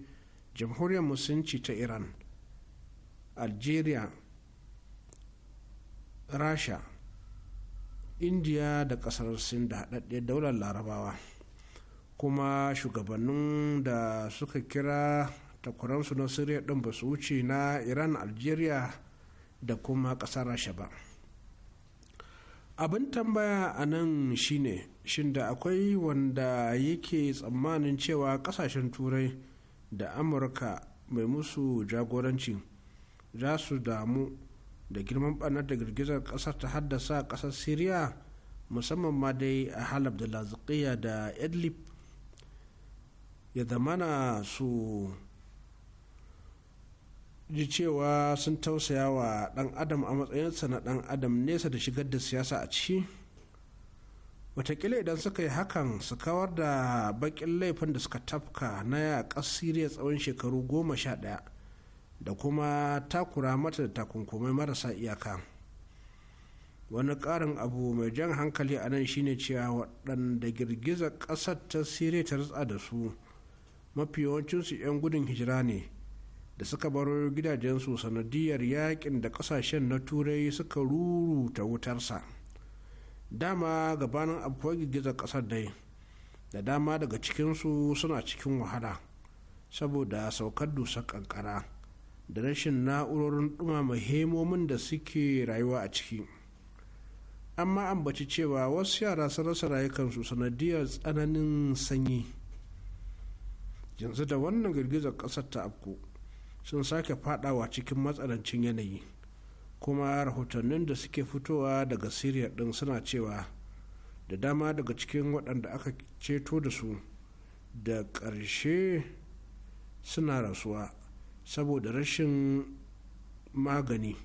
jamhuriyar musulunci ta iran algeria rasha indiya da kasar sin da haɗaɗɗe daular larabawa kuma shugabannin da suka kira takwaransu na siriya ɗin ba su wuce na iran algeria da kuma ƙasar rasha ba abin tambaya a nan shine shin da akwai wanda yake tsammanin cewa ƙasashen turai da amurka mai musu jagoranci za su damu da girman banar da girgizar ƙasar ta haddasa kasar ƙasar syria musamman ma dai a halab da laziƙiya da idlib ya zamana su ji cewa sun tausaya wa ɗan adam a matsayinsa na ɗan adam nesa da shigar da siyasa a ciki watakila idan suka yi hakan su kawar da bakin laifin da suka tafka na yaƙar siriya tsawon shekaru goma sha ɗaya da kuma takura mata da takunkumai marasa iyaka wani ƙarin abu mai jan hankali a nan shine cewa waɗanda girgiza ƙasar ta sire ta rutsa da su mafi yawancinsu 'yan gudun hijira ne da suka bar gidajensu sanadiyar yakin da ƙasashen na turai suka ruruta wutarsa dama gabanin abubuwan girgizar ƙasar dai da dama daga cikinsu suna cikin wahala saboda saukar dusar kankara da rashin na'urorin ɗumama hemomin da suke rayuwa a ciki amma ambaci cewa wasu yara sun rasa rayukansu sanadiyar tsananin sanyi yanzu da wannan girgizar ƙasar ta afko sun sake fadawa cikin matsanancin yanayi kuma rahotannin da suke fitowa daga siriya ɗin suna cewa da dama daga cikin waɗanda aka ceto da su da ƙarshe suna rasuwa saboda rashin magani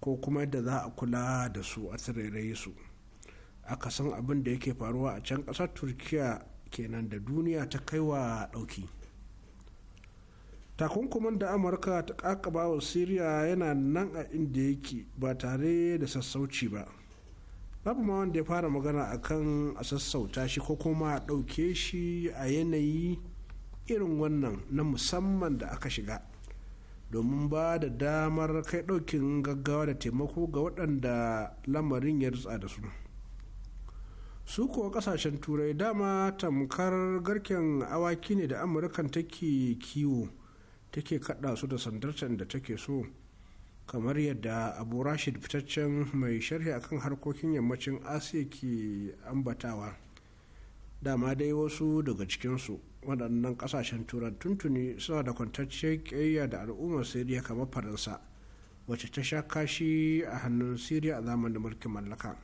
ko kuma yadda za a kula da su a tsirrai su aka san abin da yake faruwa a can ƙasar turkiya kenan da duniya ta kai wa ɗauki takunkumin da amurka ta kakaba wa syria yana nan a inda yake ba tare da sassauci ba babu ma wanda ya fara magana akan a sassauta shi ko kuma a ɗauke shi a yanayi irin wannan na musamman da aka shiga domin ba da damar kai ɗaukin gaggawa da taimako ga waɗanda lamarin ya rutsa da su su kuwa ƙasashen turai dama tamkar garken awaki ne da amurkan take kiwo take kaɗa su da sandartar da take so kamar yadda abu rashid fitaccen mai sharhi akan harkokin yammacin asiya ke ambatawa dama dai wasu daga cikinsu waɗannan ƙasashen turan tuntuni suna da kwantacciyar ƙiyayya da al'ummar siriya kamar faransa wacce ta sha kashi a hannun siriya a zamanin mulkin mallaka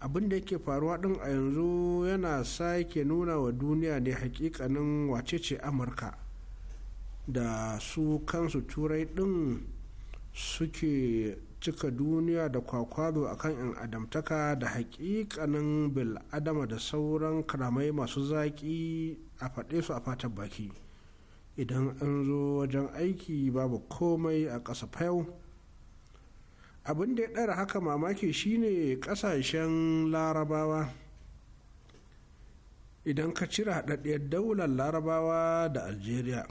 abin da yake faruwa ɗin a yanzu yana sake nuna wa duniya ne hakikanin wacece amurka da su kansu turai ɗin suke cika duniya da a kan yan adamtaka da haƙiƙanin bil'adama da sauran karamai masu zaƙi a faɗe su a fatan baki idan an zo wajen aiki babu komai a ƙasa fayau abin da ya ɗara haka mamaki shine ƙasashen larabawa idan ka cire haɗaɗɗiyar daular larabawa da algeria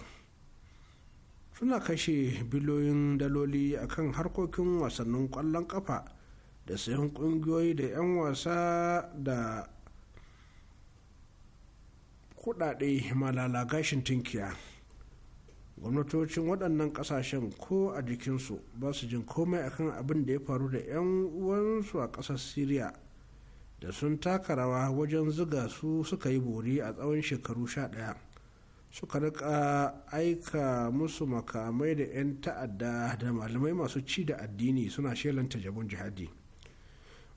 suna kashe biliyoyin daloli akan harkokin wasannin kwallon kafa da sayan kungiyoyi da 'yan wasa da kudade malala gashin tinkiya gwamnatocin waɗannan ƙasashen ko a jikinsu ba su jin komai akan abin da ya faru da 'yan uwansu a ƙasar syria da sun taka rawa wajen ziga su suka yi bori a tsawon shekaru sha ɗaya. suka rika aika musu makamai da 'yan ta'adda da malamai masu ci da addini suna shelanta jabon jihadi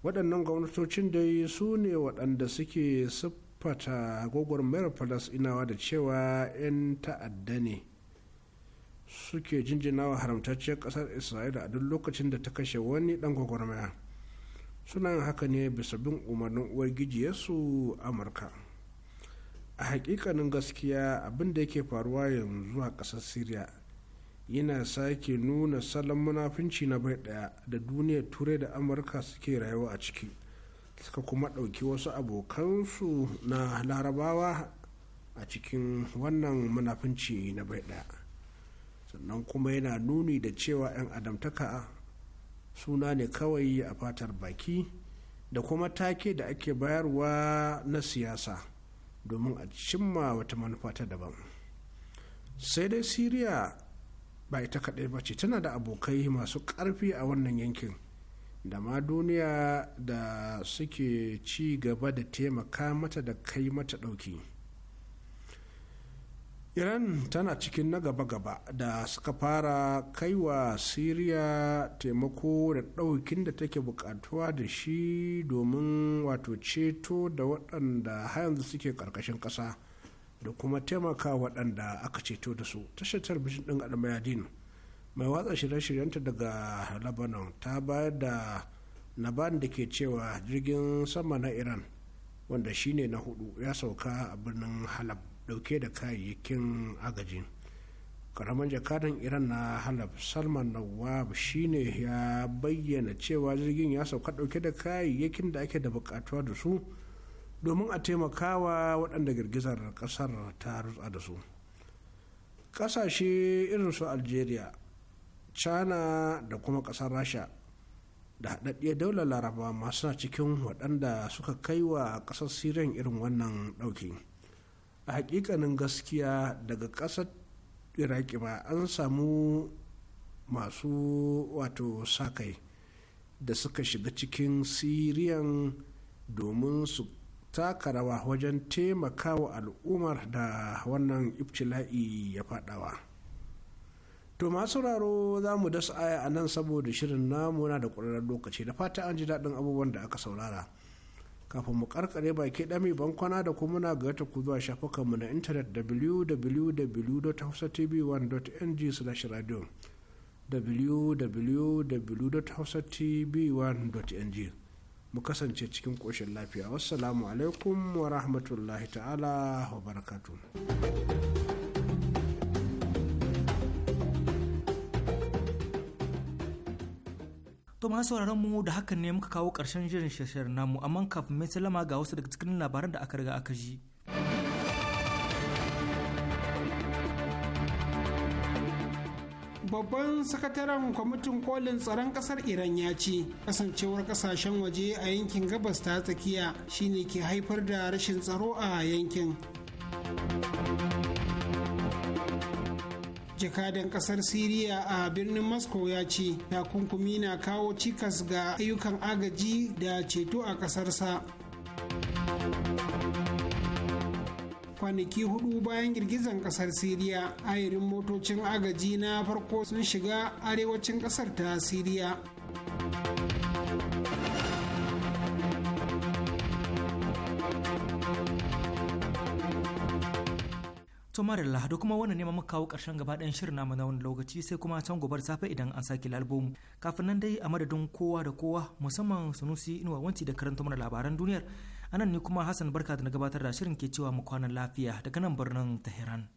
waɗannan gwamnatocin dai su ne waɗanda suke siffata gwagwarmayar inawa da cewa 'yan ta'adda ne suke jinjinawa haramtacciyar ƙasar isra'ila a duk lokacin da ta kashe wani ɗan gwagwarmaya suna haka ne bisa bin umarnin uwar gijiyarsu amurka a hakikanin gaskiya abin da yake faruwa yanzu a ƙasar syria yana sake nuna salon munafunci na bai daya da duniya turai da amurka suke rayuwa a ciki suka kuma ɗauki wasu abokansu na larabawa a cikin wannan munafunci na bai daya sannan kuma yana nuni da cewa 'yan adamtaka suna ne kawai a fatar baki da kuma take da ake bayarwa na siyasa domin a cimma wata manufa ta daban sai dai siriya ba ita kaɗai ba ce tana da abokai masu ƙarfi a wannan yankin da ma duniya da suke ci gaba da taimaka mata da kai mata ɗauki. iran tana cikin na gaba-gaba da suka fara kaiwa syria taimako da ɗaukin da take bukatuwa da shi domin wato ceto da waɗanda har yanzu suke ƙarƙashin ƙasa da kuma taimaka waɗanda aka ceto da su tashar talabijin ɗin almayadin mai watsa shirye-shiryenta daga lebanon ta bayar da labarin da ke cewa jirgin sama na iran wanda shine na hudu ya sauka a birnin halab dauke da kayayyakin agaji karamin jakadan iran na halab salman nawab shine ya bayyana cewa jirgin ya sauka dauke da kayayyakin da ake da bukatuwa da su domin a taimakawa waɗanda girgizar ƙasar ta rutsa da su ƙasashe irin su algeria china da kuma ƙasar rasha da haɗaɗɗiyar daular laraba masu na cikin waɗanda suka kai wa ƙasar syrian irin wannan ɗauki. a hakikanin gaskiya daga ƙasar iraki ba an samu masu wato sakai da suka shiga cikin siriyan domin su taka rawa wajen taimakawa al'ummar da wannan ibtila'i ya fadawa to masu raro za mu dasa aya a nan saboda shirin namu na da ƙwararren lokaci da fata an ji daɗin abubuwan da aka saurara kafin mu karkare baki dami bankwana da kuma na ga ku zuwa shafukanmu na intanet www.hausatv1.ng/radio www.hausatv1.ng mu kasance cikin ƙoshin lafiya wassalamu alaikum wa rahmatullahi ta'ala wa barakatuh To masu sauraron mu da hakan ne muka kawo ƙarshen jirin shirin namu amma kafin mai salama ga wasu daga cikin labaran da aka riga aka ji. babban sakataren kwamitin kolin tsaron kasar iran ya ce kasancewar kasashen waje a yankin gabas ta tsakiya shine ke haifar da rashin tsaro a yankin jakadan kasar siriya a birnin moscow ya ce takunkumi na kawo cikas ga ayyukan agaji da ceto a kasarsa kwanaki hudu bayan girgizan kasar siriya ayarin motocin agaji na farko sun shiga arewacin kasar ta siriya to marilla da kuma wannan ma muka kawo karshen gaba ɗayan shirin namu na wani lokaci sai kuma can gobar safe idan an sake lalbomu kafin nan dai a madadin kowa da kowa musamman sunusi inuwa wanci da karanta mana labaran duniyar a nan ne kuma hassan barka da na gabatar da shirin ke cewa mu kwanan lafiya daga nan birnin tehran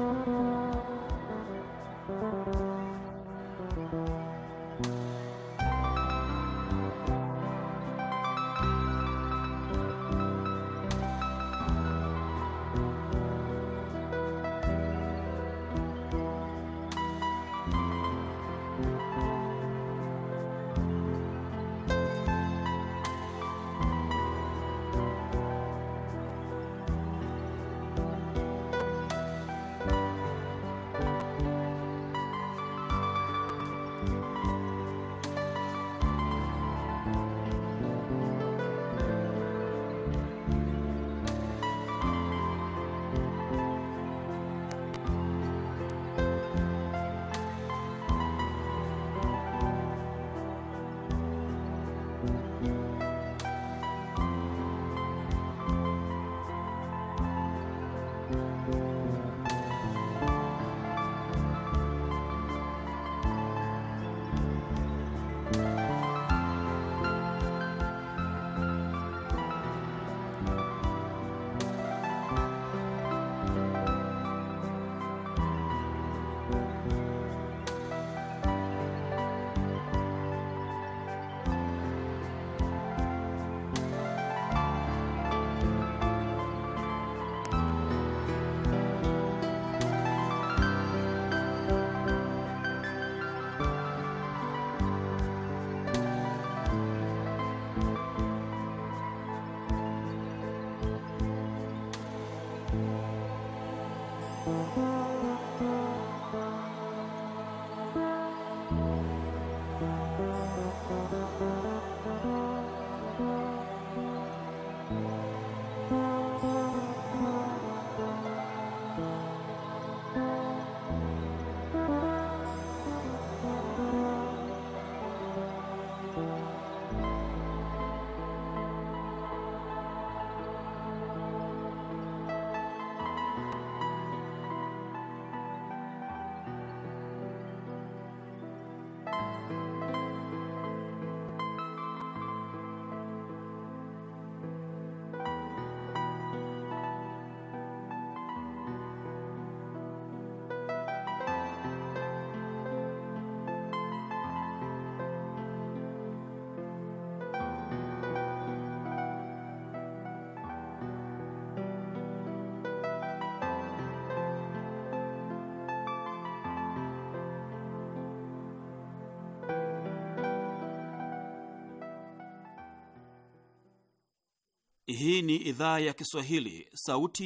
thank you Hii ni idhaa ya Kiswahili, sauti